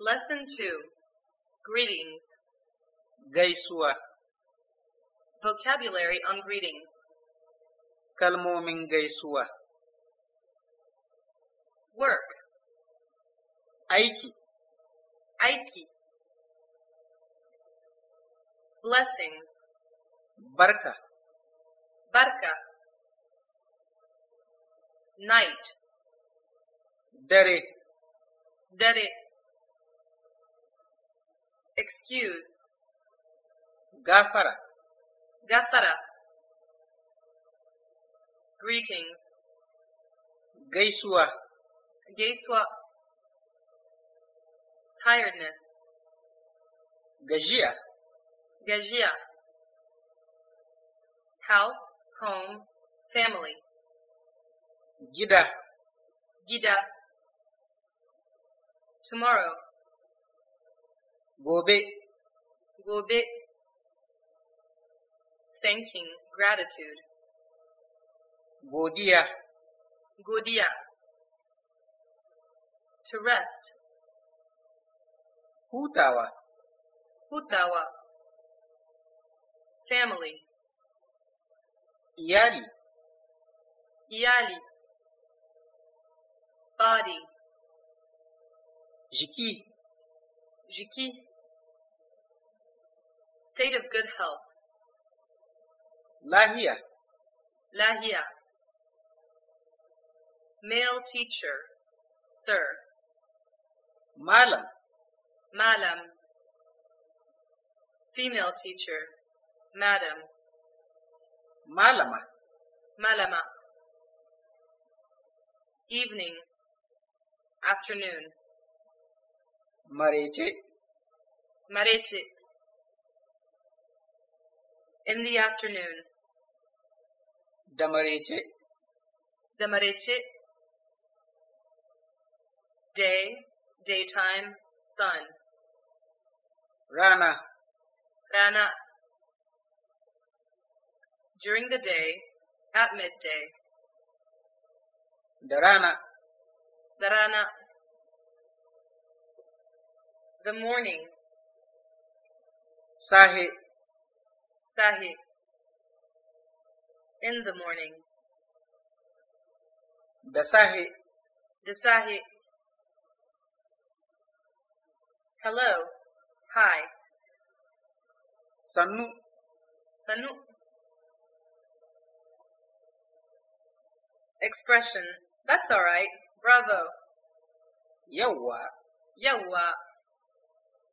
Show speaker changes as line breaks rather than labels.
Lesson 2 Greetings Gaisuwa Vocabulary on greetings Kalmomin gaisuwa Work Aiki Aiki Blessings Barka Barka Night Dare Dare excuse gafara gafara greetings gaisuwa gaisuwa tiredness Gajia. Gajia. house home family gida gida tomorrow gobe gobe thanking gratitude godiya godiya to rest hutawa hutawa family iyali iyali body jiki jiki state of good health. Lahia. Lahia. Male teacher, sir. Malam. Malam. Female teacher, madam. Malama. Malama. Evening, afternoon. Marechi. Marechi. In the afternoon. Damarece. Damarece. Day, daytime, sun. Rana. Rana. During the day, at midday. Dharana. Dharana. The morning. Sahi. Sahih. In the morning. The Sahih. Hello. Hi. Sannu. Sannu. Expression. That's alright. Bravo. Yawa. Yawa.